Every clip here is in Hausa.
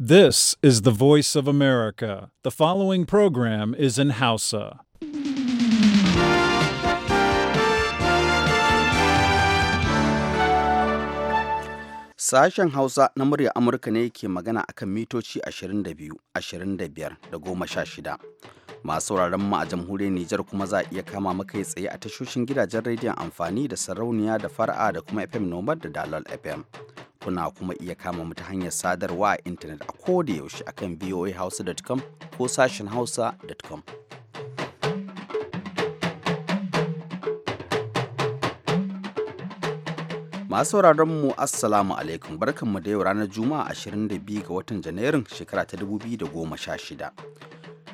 This is the voice of America. The following program is in Hausa. Sashen Hausa na murya Amurka ne ke magana akan mitoci 22, 25 da 16. masu sauraron mu a jamhuriyar Nijar kuma za a iya kama makai tsaye a tashoshin gidajen rediyon amfani da sarauniya da fara'a da kuma FM Nomad da Dalal FM. Kuna kuma iya kama mu ta hanyar sadarwa a intanet a koda yaushe akan voahausa.com ko sashen hausa.com. Masu mu Assalamu alaikum barkanmu da yau ranar Juma'a 22 ga watan Janairun shekara ta 2016.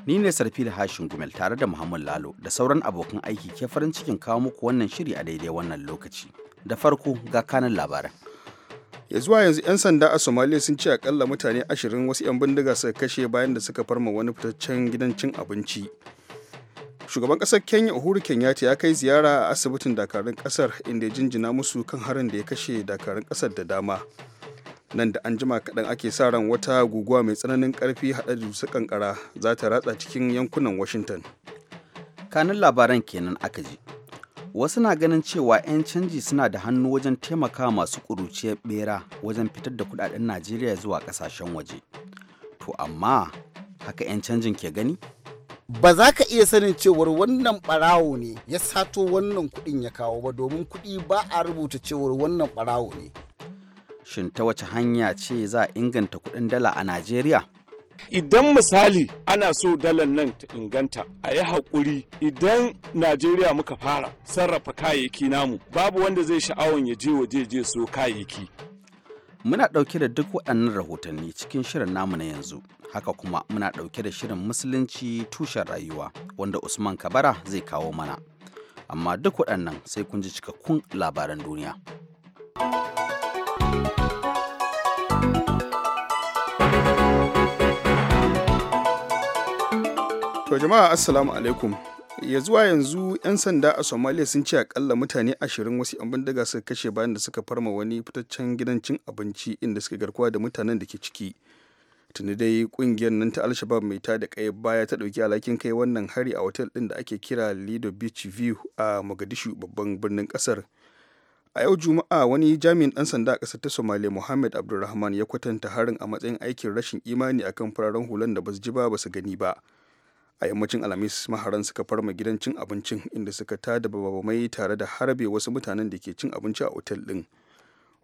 Ni ne sarfi da Hashin Gumel tare da Muhammad Lalo da sauran abokan aiki ke farin cikin kawo muku wannan shiri a daidai wannan lokaci. Da farko ga kanan labaran. Ya zuwa yanzu 'yan sanda a Somalia sun ce akalla mutane ashirin wasu 'yan bindiga suka kashe bayan da suka farma wani fitaccen gidan cin abinci. Shugaban ƙasar Kenya Uhuru Kenyatta ya kai ziyara a asibitin dakarun kasar inda ya jinjina musu kan harin da ya kashe dakarun kasar da dama. nan da an jima kaɗan ake sa ran wata guguwa mai tsananin ƙarfi haɗa da dusa ƙanƙara za ta ratsa cikin yankunan washington kanin labaran kenan aka ji wasu na ganin cewa 'yan canji suna da hannu wajen taimaka masu ƙuruciyar bera wajen fitar da kudaden najeriya zuwa ƙasashen waje to amma haka 'yan canjin ke gani ba za ka iya sanin cewar wannan barawo ne ya sato wannan kuɗin ya kawo ba domin kuɗi ba a rubuta cewar wannan ɓarawo ne shin ta wace hanya ce za a inganta kuɗin dala a najeriya idan misali ana so dalar nan ta inganta a yi haƙuri idan najeriya muka fara sarrafa kayayyaki namu babu wanda zai sha'awon ya je waje je so kayayyaki muna ɗauke da duk waɗannan rahotanni cikin shirin namu na yanzu haka kuma muna ɗauke da shirin musulunci tushen rayuwa wanda usman kabara zai kawo mana amma duk waɗannan sai kun ji cikakkun labaran duniya. To jama'a assalamu alaikum. Ya zuwa yanzu 'yan sanda a Somalia sun ce akalla mutane ashirin wasu 'yan bindiga suka kashe bayan da suka farma wani fitaccen gidan cin abinci inda suka garkuwa da mutanen da ke ciki. Tuni dai kungiyar nan ta Alshabab mai ta da kai baya ta dauki alhakin kai wannan hari a otel din da ake kira Lido Beach View a Mogadishu babban birnin kasar. a yau juma'a wani jami'in ɗan sanda a ƙasar ta somaliya muhammad abdulrahman ya kwatanta harin a matsayin aikin rashin imani akan fararen hulan da basu ji ba ba su gani ba a yammacin alhamis maharan suka farma gidan cin abincin inda suka tada babamai tare da harbe wasu mutanen da ke cin abinci a otel din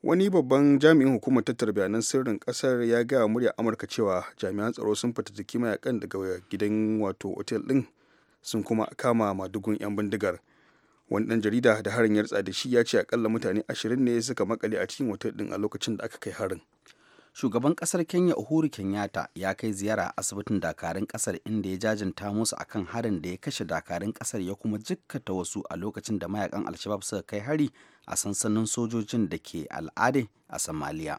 wani babban jami'in hukumar tattara bayanan sirrin kasar ya gaya murya amurka cewa jami'an tsaro sun fita fatattaki mayakan daga gidan wato otel din sun kuma kama madugun 'yan bindigar wani dan jarida da harin ya da shi ya ce akalla mutane ashirin ne suka makale a cikin otel din a lokacin da aka kai harin shugaban kasar kenya uhuru kenyatta ya kai ziyara asibitin dakarun kasar inda ya jajinta musu akan harin da ya kashe dakarun kasar ya kuma jikkata wasu a lokacin da mayakan alshabab suka kai hari a sansanin sojojin da ke al'ade a somalia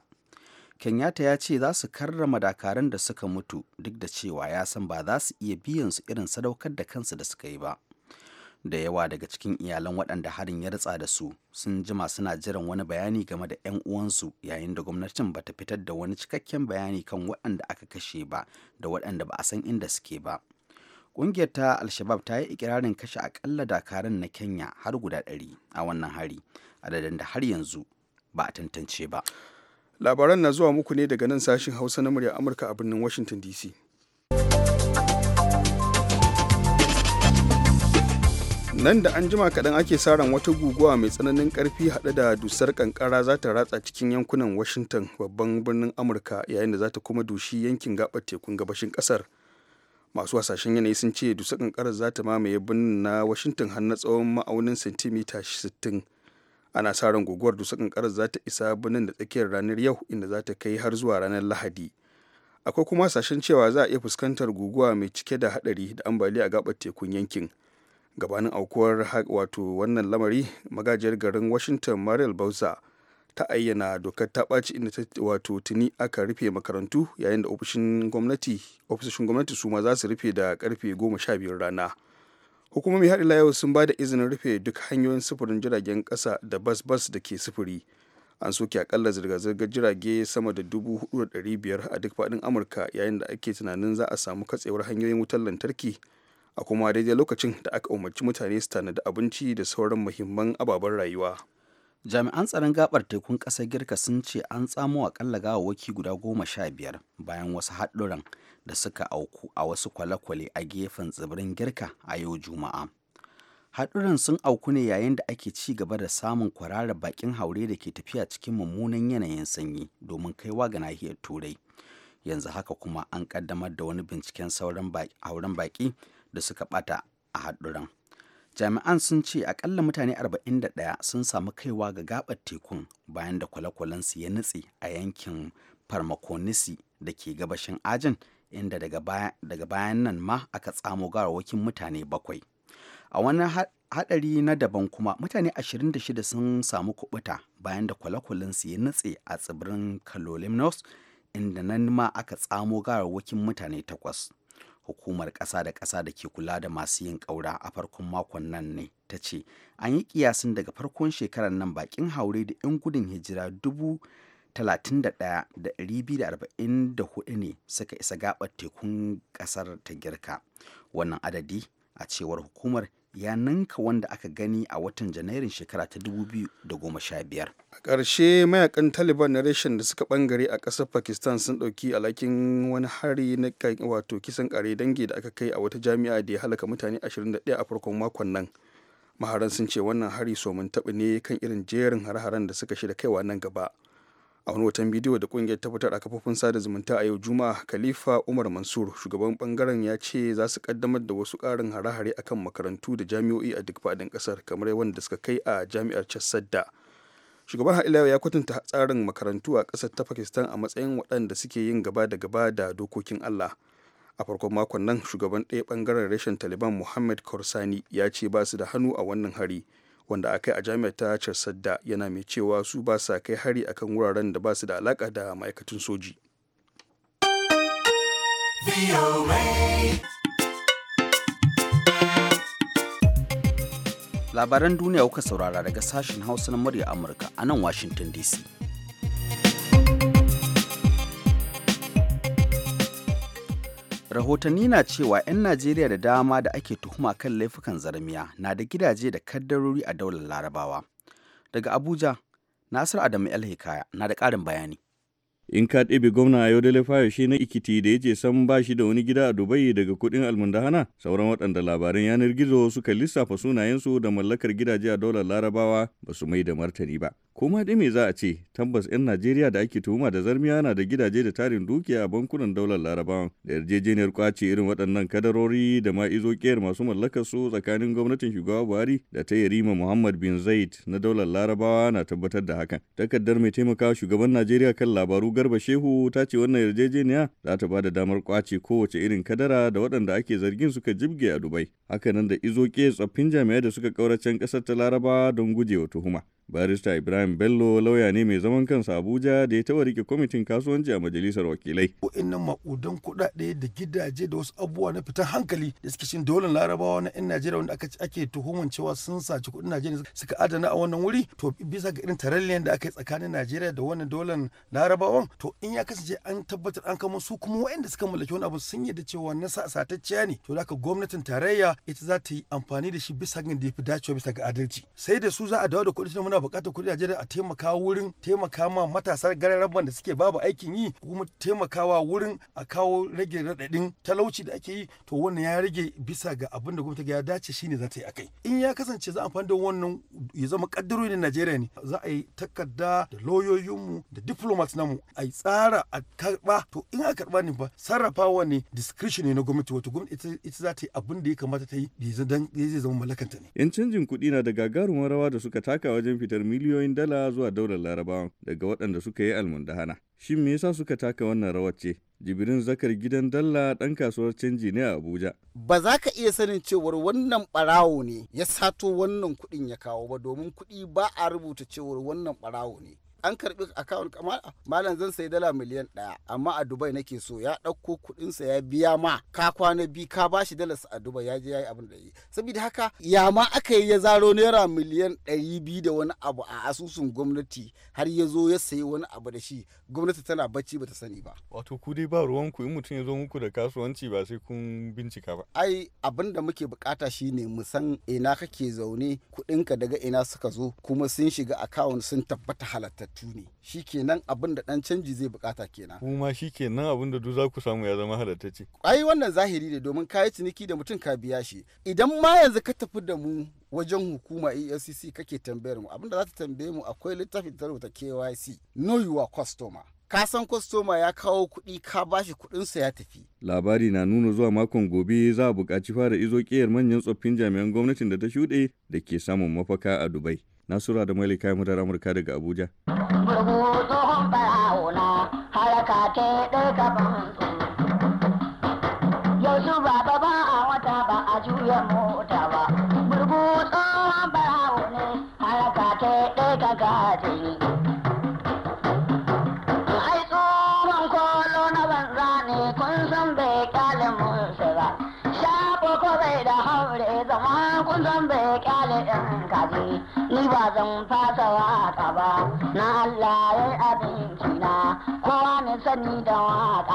kenyatta ya ce za su karrama dakarun da suka mutu duk da cewa ya san ba za su iya biyan su irin sadaukar da kansu da suka yi ba da yawa daga cikin iyalan waɗanda harin ya ritsa da su sun jima suna jiran wani bayani game da 'yan uwansu yayin da gwamnatin bata fitar da wani cikakken bayani kan waɗanda aka kashe ba da waɗanda ba a san inda suke ba ƙungiyar ta alshabab ta yi ikirarin kashe akalla dakarun na kenya har guda ɗari a wannan hari adadin da har yanzu ba a tantance ba labaran na zuwa muku ne daga nan sashin hausa na murya amurka a birnin washington dc nan da an jima kaɗan ake sa ran wata guguwa mai tsananin ƙarfi haɗe da dusar ƙanƙara za ta ratsa cikin yankunan washington babban birnin amurka yayin da za ta kuma dushi yankin gaɓar tekun gabashin ƙasar masu hasashen yanayi sun ce dusar ƙanƙara za ta mamaye birnin na washington har na tsawon ma'aunin santimita 60 ana sa ran guguwar dusar ƙanƙara za ta isa birnin da tsakiyar ranar yau inda za ta kai har zuwa ranar lahadi akwai kuma hasashen cewa za a iya fuskantar guguwa mai cike da haɗari da ambaliya a gaɓar tekun yankin gabanin aukuwar wato wannan lamari magajiyar garin washington mariel bauza ta ayyana dokar ta ɓaci inda ta wato tuni aka rufe makarantu yayin da ofishin gwamnati ofisoshin gwamnati su ma za su rufe da karfe goma sha biyar rana hukumomi haɗi yau sun ba da izinin rufe duk hanyoyin sufurin jiragen ƙasa da bas bas da ke sufuri an soke akalla zirga-zirgar jirage sama da dubu biyar a duk faɗin amurka yayin da ake tunanin za a samu katsewar hanyoyin wutar lantarki a kuma daidai lokacin da aka umarci mutane su tanadi abinci da sauran muhimman ababen rayuwa jami'an tsaron gabar tekun ƙasar girka sun ce an tsamo gawa waki guda goma sha biyar bayan wasu haɗuran da suka auku a wasu kwale-kwale a gefen tsibirin girka a yau juma'a haɗuran sun auku ne yayin da ake ci gaba da samun kwarara bakin haure da ke tafiya cikin mummunan yanayin sanyi domin kaiwa ga nahiyar turai yanzu haka kuma an ƙaddamar da wani binciken sauran hauren baƙi da suka bata a haɗuran jami'an sun ce akalla mutane 41 sun samu kaiwa ga gabar tekun bayan da kwale-kwalensu ya nutse a yankin farmakonisi da ke gabashin ajin inda daga bayan nan ma aka tsamo garawakin mutane bakwai a wani haɗari na daban kuma mutane 26 sun samu kubuta bayan da kwale-kwalensu ya nutse a tsibirin kalolinos inda nan ma aka tsamo garawakin mutane takwas hukumar ƙasa da ƙasa da ke kula da masu yin ƙaura a farkon makon nan ne ta ce an yi kiyasin daga farkon shekarar nan bakin haure da 'yan gudun hijira dubu 31,244 ne suka isa gabar tekun ƙasar ta girka wannan adadi a cewar hukumar ya ninka wanda aka gani a watan janairun shekara ta 2015 a ƙarshe mayakan taliban na reshen da suka bangare a ƙasar pakistan sun ɗauki alhakin wani hari na wato kisan ƙare dangi da aka kai a wata jami'a da ya halaka mutane 21 a farkon makon nan maharan sun ce wannan hari somin taɓa ne kan irin jerin har-haren da suka shirya kaiwa nan gaba a wani watan bidiyo da kungiyar ta fitar a kafofin sada zumunta a yau juma'a khalifa umar mansur shugaban bangaren ya ce za su kaddamar da wasu karin hare-hare akan makarantu da jami'o'i a duk fadin kasar kamar wanda suka kai a jami'ar chassadda shugaban haɗilawa ya kwatanta tsarin makarantu a kasar ta pakistan a matsayin waɗanda suke yin gaba da gaba da dokokin allah a farkon makon nan shugaban ɗaya bangaren reshen taliban muhammad korsani ya ce ba su da hannu a wannan hari wanda aka yi a jami'ar ta sadda yana mai cewa su ba sa kai hari akan wuraren da ba su da alaka da ma'aikatan soji. Labaran duniya kuka saurara daga sashen Hausa na murya Amurka a nan Washington DC. rahotanni na cewa 'yan najeriya da dama da ake tuhuma kan laifukan zarmiya na da gidaje da kaddarori a daular larabawa daga abuja nasir adamu el hikaya na da ƙarin bayani in ka ɗebe gwamna a fa yaushe na ikiti da ya ce san ba shi da wani gida a dubai daga kuɗin almundahana sauran waɗanda labaran yanar gizo suka lissafa sunayensu da mallakar gidaje a daular larabawa ba su mai da martani ba ko dai me za a ce tabbas 'yan najeriya da ake tuhuma da zarmiya na da gidaje da tarin dukiya a bankunan daular larabawa da yarjejeniyar kwace irin waɗannan kadarori da ma izo kiyar masu mallakar su tsakanin gwamnatin shugaba buhari da ta yarima muhammad bin zaid na daular larabawa na tabbatar da hakan takardar mai taimakawa shugaban najeriya kan labaru Garba Shehu ta ce wannan yarjejeniya za ta ba da damar kwace kowace irin kadara da waɗanda ake zargin suka jibge a Dubai. Hakanan da izo ke tsoffin jami'ai da suka ƙauracen ƙasar ta Laraba don gujewa tuhuma. barista ibrahim bello lauya ne mai zaman kansa abuja da ya taba rike kwamitin kasuwanci a majalisar wakilai wa'annan makudan kuɗaɗe da gidaje da wasu abubuwa na fitan hankali da suke cin larabawa na 'yan najeriya wanda aka ake tuhuman cewa sun saci kuɗin najeriya suka adana a wannan wuri to bisa ga irin tarayyar da aka yi tsakanin najeriya da wannan daular larabawan to in ya kasance an tabbatar an kama su kuma wa'anda suka mallaki wani abu sun yadda cewa na satacciya ne to da gwamnatin tarayya ita za ta yi amfani da shi bisa ga da ya fi dacewa bisa ga adalci sai da su za a dawo da kuɗin muna buƙatar kudi da a taimaka wurin taimaka ma matasa gararraban da suke babu aikin yi kuma taimakawa wurin a kawo rage raɗaɗin talauci da ake yi to wannan ya rage bisa ga abin da gwamnati ya dace shine za ta yi akai in ya kasance za a fanda wannan ya zama kaddarori na Najeriya ne za a yi takarda da lauyoyinmu da diplomats namu a yi tsara a karba to in a karba ne ba sarrafawa ne discretion ne na gwamnati wato gwamnati ita za ta yi abin da ya kamata ta yi da zai zama mallakanta ne. Yan canjin kuɗi na da gagarumin rawa da suka taka wajen fitar miliyoyin dala zuwa daular larabawa daga waɗanda suka yi almundahana. Shin me yasa suka taka wannan rawar ce? Jibirin zakar gidan dalla ɗan kasuwar canji ne a Abuja. Ba za ka iya sanin cewar wannan ɓarawo ne ya sato wannan kuɗin ya kawo ba domin kuɗi ba a rubuta cewar wannan barawo ne. an karbi account malam zan sayi dala miliyan ɗaya amma a dubai nake so ya ɗauko kuɗinsa ya biya ma ka kwana bi ka bashi dalas a dubai ya je ya yi abin da yi saboda haka ya ma aka yi ya zaro naira miliyan ɗari biyu da wani abu a asusun gwamnati har ya zo ya sayi wani abu da shi gwamnati tana bacci bata sani ba wato ku dai ba ruwanku in mutum ya zo muku da kasuwanci ba sai kun bincika ba ai abin da muke bukata shine mu san ina kake zaune kuɗinka daga ina suka zo kuma sun shiga account sun tabbata halatta halattattu ne shi kenan abin da ɗan canji zai bukata kenan kuma shi kenan abin da za ku samu ya zama halattacce ai wannan zahiri ne domin kayi ciniki da mutum ka biya shi idan ma yanzu ka tafi da mu wajen hukuma efcc kake tambayar mu abinda za ta tambaye mu akwai littafin ta rubuta kyc you are customer ka san kwastoma ya kawo kuɗi ka bashi kuɗinsa ya tafi. Labari na nuna zuwa makon gobe za a buƙaci fara izo ƙiyar manyan tsoffin jami'an gwamnatin da ta shuɗe da ke samun mafaka a Dubai. Nasura da Maili kayan murar Amurka daga Abuja. Burbu tsohon haraka ce ɗaya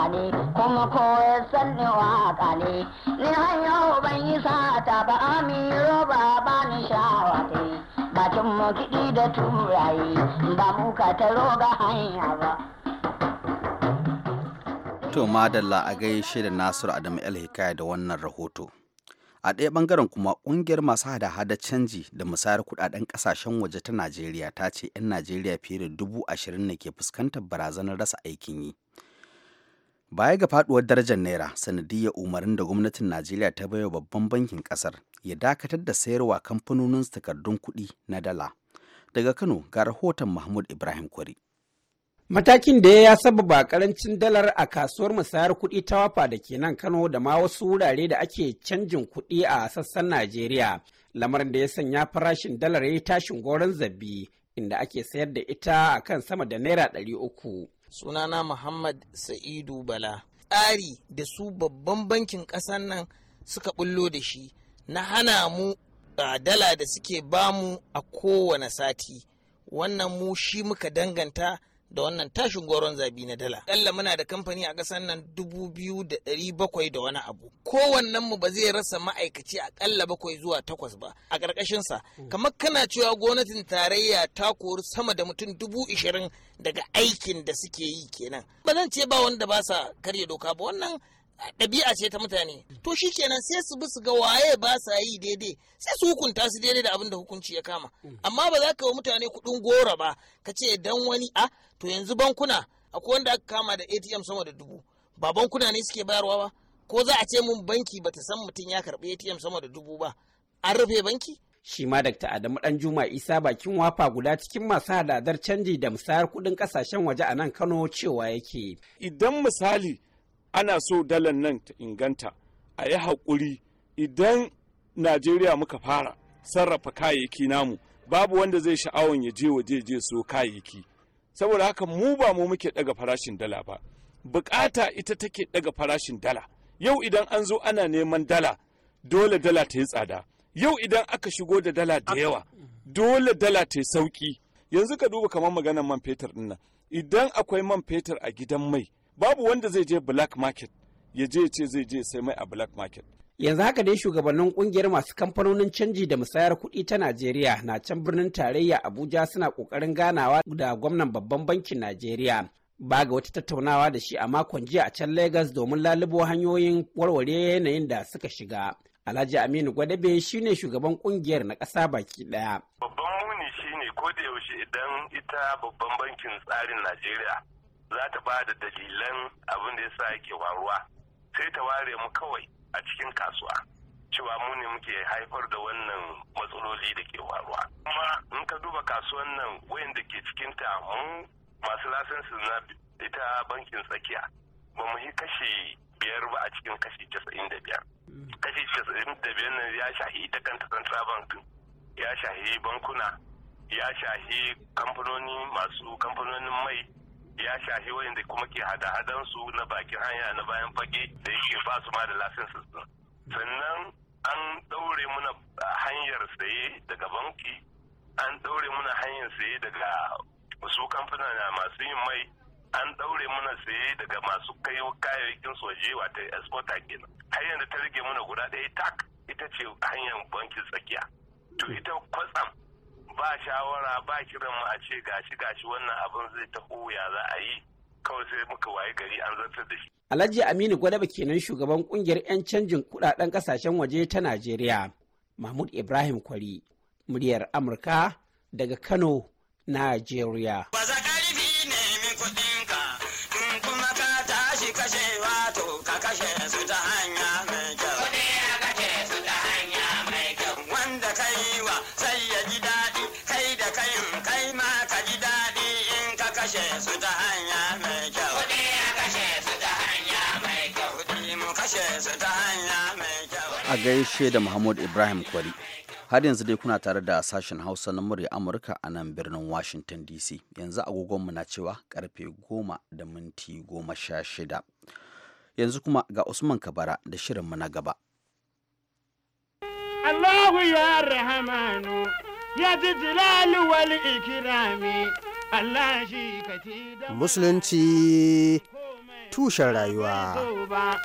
ne kuma koyar sanni waka ne ni har yau ban yi sata ba amiro ba ba ni shawa Ba bakin mu kiɗi da turaye ba mu ka ta ga hanya ba To madalla a gaishe da Nasiru Adamu El Hikaya da wannan rahoto. A ɗaya ɓangaren kuma ƙungiyar masu hada-hada canji da musayar kuɗaɗen ƙasashen waje ta Najeriya ta ce 'yan Najeriya fiye da dubu ashirin ne ke fuskantar barazanar rasa aikin yi Baya ga faduwar darajar Naira sanadiyar umarnin da gwamnatin Najeriya ta baiwa babban bankin kasar ya dakatar da sayarwa kamfanonin takardun kuɗi na dala. Daga Kano ga rahoton Mahmud Ibrahim Kwari. Matakin da ya sababa karancin dalar a kasuwar musayar kuɗi ta wafa da ke nan Kano da ma wasu wurare da ake canjin kuɗi a sassan Najeriya. Lamarin da ya sanya farashin dalar ya yi tashin goron zabi inda ake sayar da ita a kan sama da naira ɗari uku. sunana muhammad sa'idu bala tsari da su babban bankin ƙasar nan suka bullo da shi na hana mu a dala da suke bamu a kowane sati wannan mu shi muka danganta da wannan tashin goron zabi na dala Kalla muna da kamfani a ƙasar nan dubu biyu da ɗari bakwai da wani abu kowannen mu ba zai rasa ma'aikaci a kalla bakwai zuwa takwas ba a sa hmm. kamar kana cewa gwamnatin tarayya ta kori sama da mutum dubu ishirin daga aikin da suke yi kenan ba zan ce ba wanda ba sa karya doka ba wannan ɗabi'a ce ta mutane to shi kenan sai su bi su ga waye ba sa yi daidai sai su hukunta su daidai da abin da hukunci ya kama mm. amma ba za ka wa mutane kuɗin gora ba ka ce dan wani a ah, to yanzu bankuna akwai wanda aka kama da atm sama da dubu ba bankuna ne suke bayarwa ba ko za a ce mun banki bata san mutum ya karɓi atm sama da dubu ba an rufe banki shi ma Dr. Adamu juma Isa bakin wafa guda cikin masu hadadar canji da musayar kudin kasashen waje a nan Kano cewa yake. Idan misali ana so dalar nan ta inganta a yi haƙuri idan najeriya muka fara sarrafa kayayyaki namu babu wanda zai sha'awan ya je waje je so kayayyaki saboda haka mu ba mu muke daga farashin dala ba bukata ita take daga farashin dala yau idan an zo ana neman dala dole dala ta yi tsada yau idan aka shigo da dala da yawa dole dala ta yi sauki yanzu ka duba kamar maganar man fetur dinnan idan akwai man fetur a gidan mai babu wanda zai je black market ya je ce zai je sai mai a black market yanzu haka dai shugabannin kungiyar masu kamfanonin canji da musayar kuɗi ta najeriya na can birnin tarayya abuja suna ƙoƙarin ganawa da gwamnan babban bankin najeriya ba ga wata tattaunawa da shi a makon jiya a can Legas domin lalubo hanyoyin warware yanayin da suka shiga alhaji aminu gwadabe shine shugaban kungiyar na ƙasa baki ɗaya babban muni shine ko da yaushe idan ita babban bankin tsarin najeriya za ta ba da dalilan abin da ya sa yake waruwa sai ta ware mu kawai a cikin kasuwa cewa mu ne muke haifar da wannan matsaloli da ke waruwa kuma in ka duba kasuwan nan wayanda ke cikin ta mu masu lasansu na ita bankin tsakiya ba mu yi kashi biyar ba a cikin kashi casa'in da biyar kashi casa'in da biyar nan ya shahi ita kanta central bank ya shahi bankuna ya shahi kamfanoni masu kamfanonin mai ya shafi wayanda kuma ke hada-hadan su na bakin hanya na bayan fage da yake ba su ma da lasinsis din sannan an daure muna hanyar saye daga banki an daure muna hanyar saye daga su kamfuna masu yin mai an daure muna saye daga masu kai kayayyakin soje wata exporter kenan hanyar da ta rage muna guda ɗaya tak ita ce hanyar bankin tsakiya to ita kwatsam ba shawara ba kiran mu a ce gashi gashi wannan abin zai taho ya za a yi kawai sai muka waye gari an zartar da shi. Alhaji Aminu Gwadaba kenan shugaban kungiyar 'yan canjin kudaden kasashen waje ta Najeriya. Mahmud Ibrahim Kwari, muryar Amurka daga Kano, Najeriya. A gaishe da Muhammad Ibrahim Kwari. Har yanzu dai kuna tare da sashen Hausa na murya Amurka a nan birnin Washington DC. Yanzu agogonmu na cewa karfe goma da minti 16 Yanzu kuma ga Usman Kabara da shirinmu na gaba. Allahu ya rahamanu ya ji wal ikirami Allah shi ka Musulunci tushen rayuwa.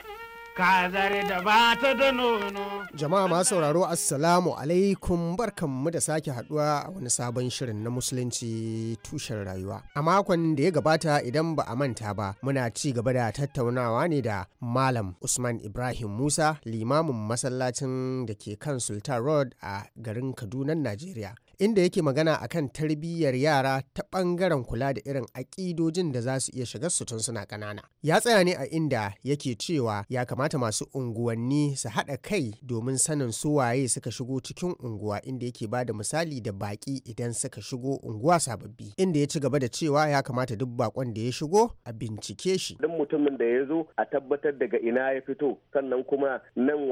kazar da ba da nono. Jama'a masu sauraro Assalamu alaikum barkanmu da sake haduwa a wani sabon shirin na Musulunci tushen rayuwa. A makon da ya gabata idan ba a manta ba muna ci gaba da tattaunawa ne da Malam Usman Ibrahim Musa limamin masallacin da ke kan Sultan Road a garin Kaduna, Najeriya. inda yake magana a kan tarbiyyar yara ta bangaren kula da irin aƙidojin da za su iya shiga su tun suna ƙanana. Ya tsaya ne a inda yake cewa ya kamata masu unguwanni su haɗa kai domin sanin su waye suka shigo cikin unguwa inda yake ba da misali da baƙi idan suka shigo unguwa sababbi. Inda ya ci gaba da cewa ya kamata duk baƙon da ya shigo a bincike shi. Duk mutumin da ya zo a tabbatar daga ina ya fito sannan kuma nan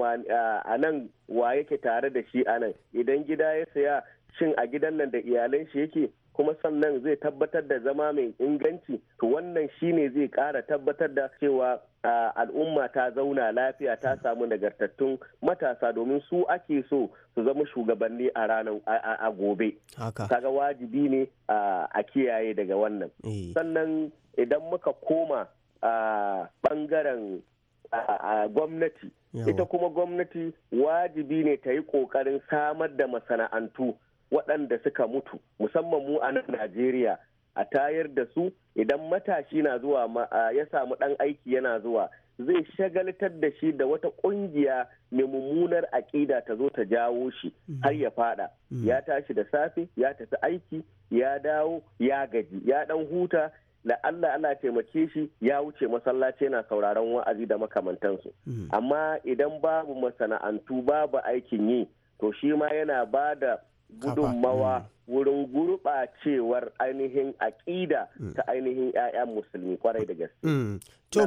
a nan wa yake tare da shi a nan idan gida ya saya shin a gidan nan da iyalan shi yake kuma sannan zai tabbatar da zama mai inganci to wannan shine zai kara tabbatar da cewa al'umma ta zauna lafiya ta samu nagartattun matasa domin su ake so su zama shugabanni a ranar a gobe kaga wajibi ne a kiyaye daga wannan eh. sannan idan muka koma bangaren gwamnati ita kuma gwamnati wajibi ne ta yi kokarin samar da masana'antu waɗanda suka mutu musamman mu a nan najeriya a tayar da su idan matashi na zuwa ya samu ɗan aiki yana zuwa zai shagaltar da shi da wata ƙungiya mai mummunar aƙida ta zo ta jawo shi mm. har ya fada mm. ya tashi da safe ya tafi aiki ya dawo ya gaji ya ɗan huta da Allah Allah taimake shi ya wuce masallaci yana sauraron wa'azi da makamantansu mm. amma idan babu masana'antu babu aikin yi to shi ma yana bada. da gudunmawa mm. wurin gurɓacewar ainihin aƙida ta ainihin 'ya'ya musulmi kwarai da gaske. Mm. To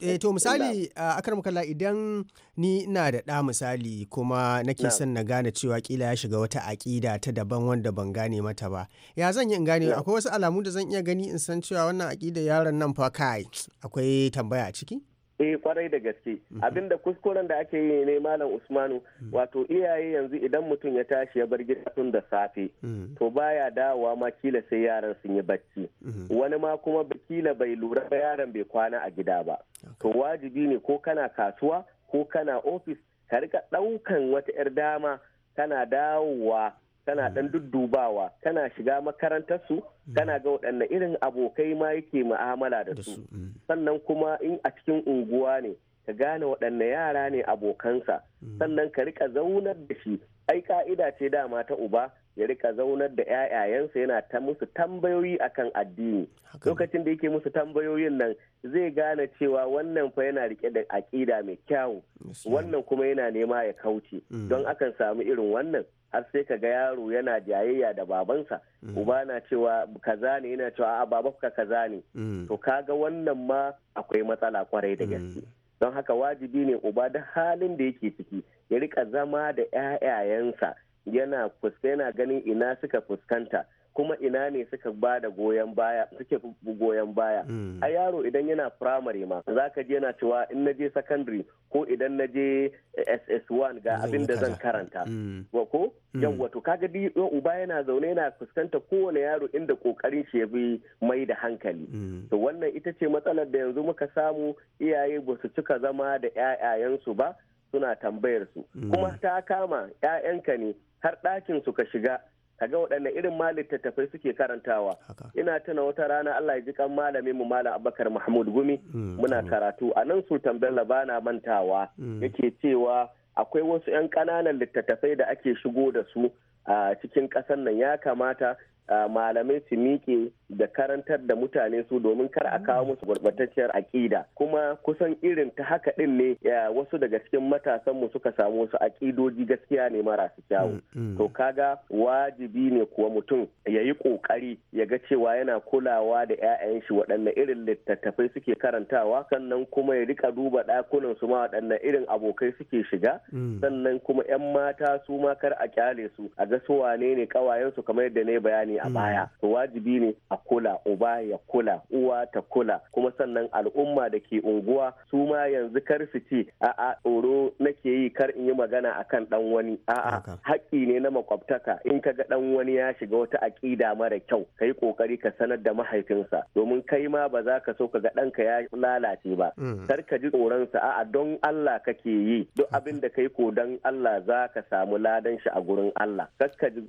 eh, misali akar mukalla idan ni ina da ɗa misali kuma nake son na gane cewa kila ya shiga wata aƙida ta daban wanda ban gane mata ba. Ya zan yi in gane akwai wasu alamu da zan iya gani in san cewa wannan aƙida yaron nan fa kai akwai tambaya a ciki? eh kwarai da gaske mhm. abinda kuskuren da ake yi ne malam usmanu mhm. wato iyaye yanzu idan mutum ya tashi ya bar gida tun da safe mhm. to baya dawowa ma kila sai yaran sun yi bacci wani ma kuma kila bai lura ba yaran bai kwana a gida ba to wajibi ne ko kana kasuwa ko kana ofis ka rika daukan wata 'yar dama kana dawowa kana dan hmm. duddubawa kana shiga makarantarsu kana hmm. ga waɗanne irin abokai ma yake mu'amala da su hmm. sannan kuma in a cikin unguwa ne ka gane waɗanne yara ne abokansa sannan ka rika zaunar da shi ai ka'ida ce dama ta uba ya rika zaunar da ƴaƴayensa yana ta musu tambayoyi akan addini lokacin da yake musu tambayoyin nan zai gane cewa wannan fa yana rike da aƙida mai kyawu wannan kuma yana nema ya kauce don akan samu irin wannan har sai ka ga yaro yana jayayya da babansa mm. uba na cewa kaza ne yana cewa a ka kaza ne mm. to kaga wannan ma akwai matsala kwarai da mm. gaske don haka wajibi ne uba da halin da yake ciki ya rika zama da 'ya'yayansa yana yana ganin ina suka fuskanta kuma ina ne suka ba da goyon baya suke goyon baya mm. a yaro idan yana firamare ma za ka je na cewa in na je secondary ko idan na je ss1 ga abin da zan karanta mm. wa ko mm. yawwa to kaga di uba yana zaune yana fuskanta kowane yaro inda kokarin shi ya bi mai da hankali to wannan ita ce matsalar da yanzu muka samu iyaye ba su cika zama da ƴaƴayensu ba suna tambayar su kuma ta kama 'ya'yanka ne har ɗakin su ka shiga ga waɗanne irin ma littattafai suke karantawa ina tuna wata rana Allah ya ji kan malamin mu malam Abubakar Mahmud Gumi mm, muna karatu a nan Sultan Bello bana mantawa mm. yake cewa akwai wasu 'yan ƙananan littattafai da ake shigo da su a cikin ƙasar nan ya kamata malamai su miƙe da karantar da mutane su domin kar a kawo musu gurbatacciyar aƙida kuma kusan irin ta haka ɗin ne wasu daga cikin matasan mu suka samu wasu aƙidoji gaskiya ne marasu kyawu mm, mm. to kaga wajibi ne kuwa mutum ya yi ƙoƙari ya ga cewa yana kulawa da 'ya'yan shi waɗanne irin littattafai suke karantawa sannan kuma ya rika duba ɗakunan su ma waɗanne irin abokai suke shiga mm. sannan kuma 'yan mata su ma kar a kyale su a ga su wane ne kawayensu su kamar yadda ne bayani ne a hmm. baya to wajibi ne a kula uba ya kula uwa ta kula kuma sannan al'umma da ke unguwa su ma yanzu kar su ce a'a tsoro nake yi kar in yi magana akan dan wani a'a haƙƙi ne na makwabtaka in ka ga dan wani ya shiga wata aƙida mara kyau ka yi ƙoƙari ka sanar da mahaifinsa domin kai ma ba za ka so ka ga ɗanka ya lalace ba hmm. kar ka ji tsoronsa a'a don Allah kake yi duk abin da kai ko don Allah za ka samu ladan shi a gurin Allah kar ka ji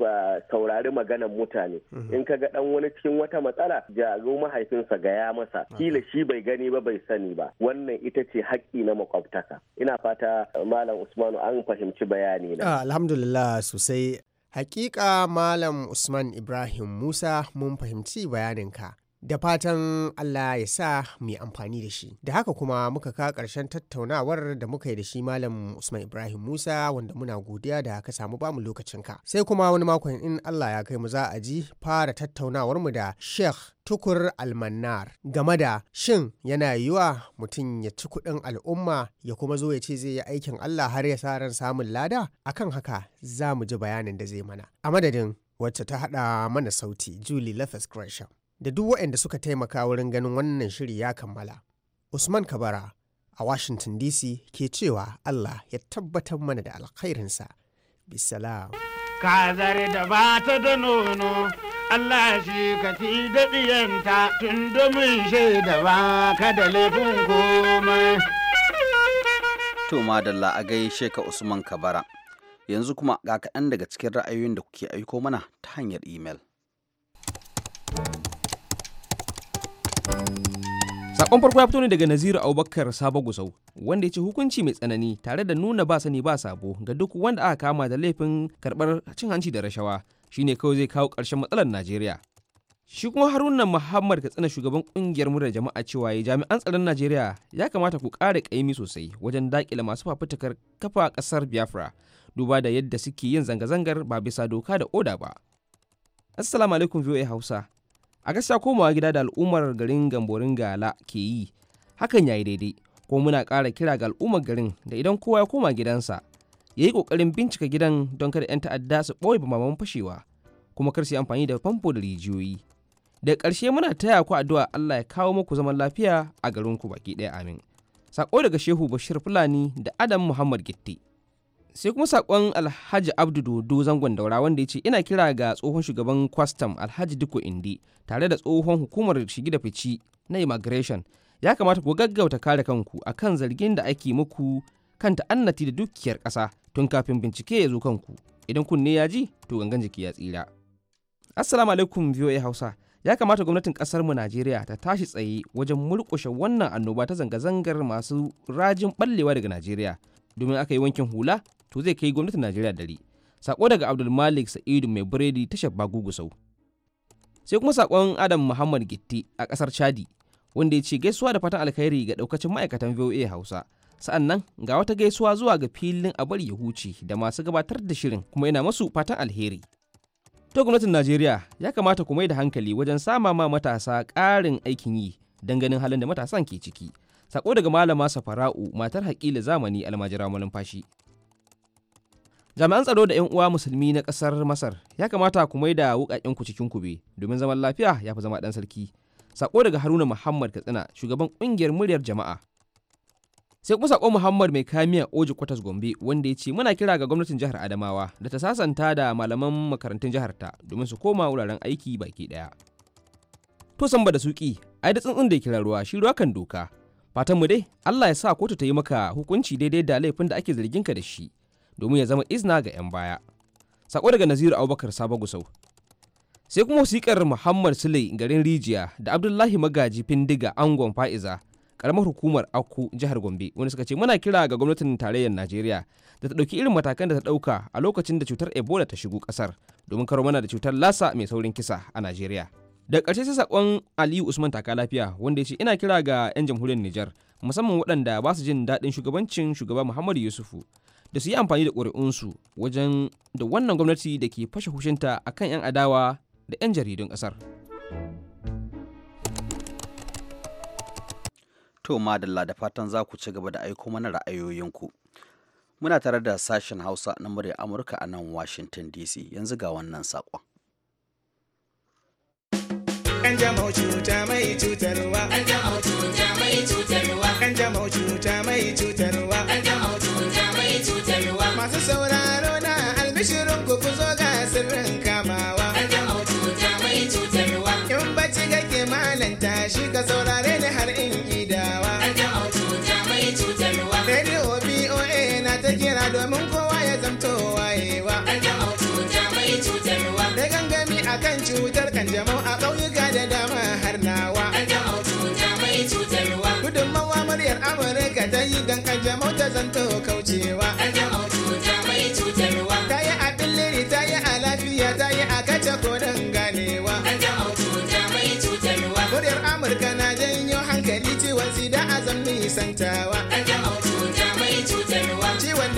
saurari maganar mutane ne mhm. in ka ga dan wani cikin wata matsala jaru mahaifinsa ya masa kila shi bai gani ba bai sani ba wannan ita ce haƙƙi na makwabtaka ina fata malam usmanu an fahimci bayani na ah, alhamdulillah sosai hakika malam usman ibrahim musa mun fahimci bayaninka da fatan Allah ya sa mu yi amfani da shi. Da haka kuma muka ka ƙarshen tattaunawar da muka yi da shi Malam Usman Ibrahim Musa wanda muna godiya da ka samu bamu ka. Sai kuma wani makon in Allah ya kai mu za a ji fara tattaunawar mu da Sheikh Tukur Almanar. game da shin yana yiwa mutum ya ci kuɗin al'umma ya kuma zo ya ce zai yi aikin Allah har ya sa ran samun lada? Akan haka za mu ji bayanin da zai mana. A madadin wacce ta haɗa mana sauti Julie Lefes Gresham. da duk waɗanda suka taimaka wurin ganin wannan shiri ya kammala. Usman Kabara a Washington DC ke cewa Allah ya tabbatar mana da alkhairinsa. Bisalam. Kazar da ba ta da nono, Allah shi ka fi daɗiyanta tun domin shaida ba ka da laifin komai. To madalla a gaishe ka Usman Kabara. Yanzu kuma ga kaɗan daga cikin ra'ayoyin da kuke aiko mana ta hanyar imel. Sakon farko ya fito ne daga Naziru Abubakar Sabo Gusau wanda ya ce hukunci mai tsanani tare da nuna ba sani ba sabo ga duk wanda aka kama da laifin karbar cin hanci da rashawa shine kawai zai kawo ƙarshen matsalar Najeriya. Shi kuma Haruna Muhammad Katsina shugaban kungiyar murar jama'a cewa ya jami'an tsaron Najeriya ya kamata ku ƙara ƙaimi sosai wajen daƙile masu fafutukar kafa ƙasar Biafra duba da yadda suke yin zanga-zangar ba bisa doka da oda ba. Assalamu alaikum VOA Hausa. a gaskiya komawa gida da al'ummar garin gamborin gala ke yi hakan yayi daidai ko muna ƙara kira ga al'ummar garin da idan kowa ya koma gidansa ya yi ƙoƙarin bincika gidan don kada 'yan ta'adda su ɓoye bamaman fashewa kuma kar su yi amfani da famfo da rijiyoyi da ƙarshe muna taya ku addu'a Allah ya kawo muku zaman lafiya a garinku baki ɗaya amin sako daga shehu bashir fulani da adam muhammad gitti sai kuma sakon alhaji abdu dodo zangon daura wanda ya ce ina kira ga tsohon shugaban kwastam alhaji duko indi tare da tsohon hukumar shigi da fici na immigration ya kamata ku gaggauta kare kanku akan zargin da ake muku kan ta'annati da dukiyar kasa tun kafin bincike ya zo kanku idan kunne ya ji to gangan jiki ya tsira assalamu alaikum voa hausa ya kamata gwamnatin kasar mu najeriya ta tashi tsaye wajen murƙushe wannan annoba ta zanga-zangar masu rajin ballewa daga najeriya domin aka yi wankin hula to zai kai gwamnatin najeriya dare sako daga abdul malik sa'idu mai biredi tashar bagugusau sau sai kuma sakon adam muhammad gitti a ƙasar chadi wanda ya ce gaisuwa da fatan alkhairi ga ɗaukacin ma'aikatan voa hausa sa'an nan ga wata gaisuwa zuwa ga filin a bari ya huce da masu gabatar da shirin kuma yana masu fatan alheri to gwamnatin najeriya ya kamata ku mai da hankali wajen sama ma matasa ƙarin aikin yi don ganin halin da matasan ke ciki sako daga malama safara'u matar haƙila zamani almajira malumfashi jami'an tsaro da 'yan uwa musulmi na ƙasar masar ya kamata ku mai da wukaken ku cikin kube domin zaman lafiya ya fi zama dan sarki sako daga haruna muhammad katsina shugaban kungiyar muryar jama'a sai kuma sako muhammad mai kamiya oji kwatas gombe wanda ya ce muna kira ga gwamnatin jihar adamawa da ta sasanta da malaman makarantun jihar ta domin su koma wuraren aiki baki daya to samba da suki ai da tsuntsun da ya kira ruwa shi ruwa kan doka fatan mu dai Allah ya sa kotu ta yi maka hukunci daidai da laifin da ake zargin ka da shi domin ya zama izna ga 'yan baya sako daga naziru abubakar sabo gusau sai kuma wasikar muhammad sule garin rijiya da abdullahi magaji findiga angon fa'iza karamar hukumar aku jihar gombe wani suka ce muna kira ga gwamnatin tarayyar najeriya da ta ɗauki irin matakan da ta ɗauka a lokacin da cutar ebola ta shigo kasar domin karo mana da cutar lasa mai saurin kisa a najeriya da ƙarshe sai sakon aliyu usman taka lafiya wanda ya ce ina kira ga 'yan jamhuriyar nijar musamman waɗanda ba su jin daɗin shugabancin shugaba muhammadu yusufu da su yi amfani da ƙuri'unsu wajen da wannan gwamnati da ke fashe hushinta a kan 'yan adawa da 'yan jaridun ƙasar. To madalla da fatan za ku ci gaba da aiko mana ra'ayoyinku. Muna tare da sashen Hausa na murya Amurka a nan Washington DC yanzu ga wannan saƙon. Ƙanjamau cuta mai cutarwa. mai cutarwa. cuta mai cutarwa. Ku sauraro na albishirin ku ku zo ga sirrin kamawa. Kada mau cuta mai cutarwa. In bacci gake malam tashi ka saurare ni har in gidawa. Kada mau cuta mai cutarwa. Radio BOA na ta kira domin kowa ya zamto wayewa. Kada mau cuta mai cutarwa. Da gangami akan cutar kanjamau a ƙauyuka da dama har nawa. Kada mau cuta mai cutarwa. Gudunmawa muryar Amurka ta yi don kanjamau ta zanto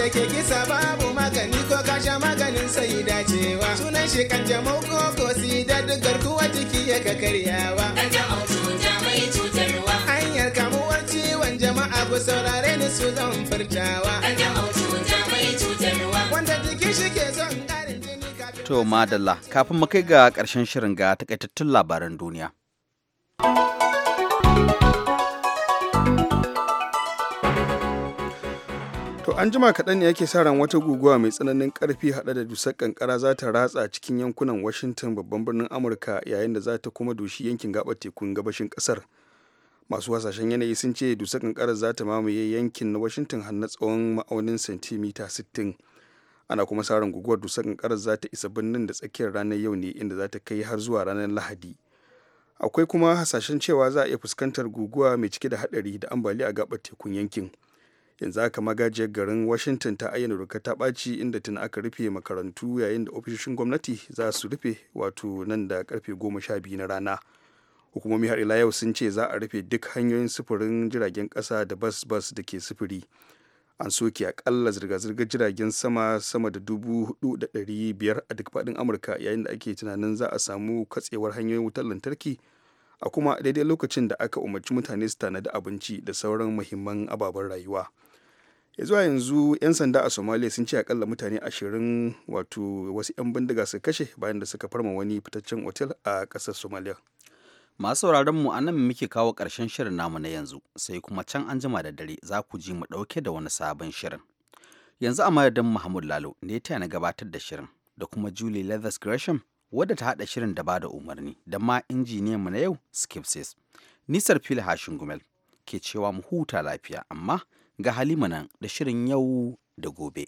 da ke kisa babu magani ko kasha maganin sai dacewa sunan shi kan jamau ko ko da duk garkuwa jiki ya ka karyawa hanyar kamuwar ciwon jama'a ku saurare ni su zan furtawa wanda jiki shi ke son karin jini kafin to madalla kafin mu kai ga karshen shirin ga takaitattun labaran duniya. an jima kaɗan ne yake sa ran wata guguwa mai tsananin ƙarfi haɗe da dusar ƙanƙara za ta ratsa cikin yankunan Washington babban birnin Amurka yayin da za ta kuma doshi yankin gaɓar tekun gabashin ƙasar. Masu hasashen yanayi sun ce dusar ƙanƙara za ta mamaye yankin na Washington har na tsawon ma'aunin santimita 60. Ana kuma sa ran guguwar dusar ƙanƙara za ta isa birnin da tsakiyar ranar yau ne inda za ta kai har zuwa ranar Lahadi. Akwai kuma hasashen cewa za a iya fuskantar guguwa mai cike da haɗari da ambaliya a gabar tekun yankin. yanzu aka magajiyar garin washington ta ayyana doka ta ɓaci inda tun aka rufe makarantu yayin da ofishoshin gwamnati za su rufe wato nan da karfe goma sha biyu na rana hukumomi har ila yau sun ce za a rufe duk hanyoyin sufurin jiragen ƙasa da bas-bas da ke sufuri an soke akalla zirga zirga jiragen sama sama da dubu hudu da biyar a duk faɗin amurka yayin da ake tunanin za a samu katsewar hanyoyin wutar lantarki a kuma daidai lokacin da aka umarci mutane su tanadi abinci da sauran muhimman ababen rayuwa ya zuwa yanzu 'yan sanda a somalia sun ce akalla mutane ashirin wato wasu 'yan bindiga su kashe bayan da suka farma wani fitaccen otel a ƙasar somalia masu sauraron mu anan muke kawo ƙarshen shirin namu na yanzu sai kuma can an jima da dare za ku ji mu ɗauke da wani sabon shirin yanzu a madadin mahmud lalo ne ta na gabatar da shirin da kuma julie leathers gresham wadda ta haɗa shirin da bada umarni da ma injiniyan mu na yau skipsis nisar fili hashin gumel ke cewa mu huta lafiya amma ga Halima nan da shirin yau da gobe.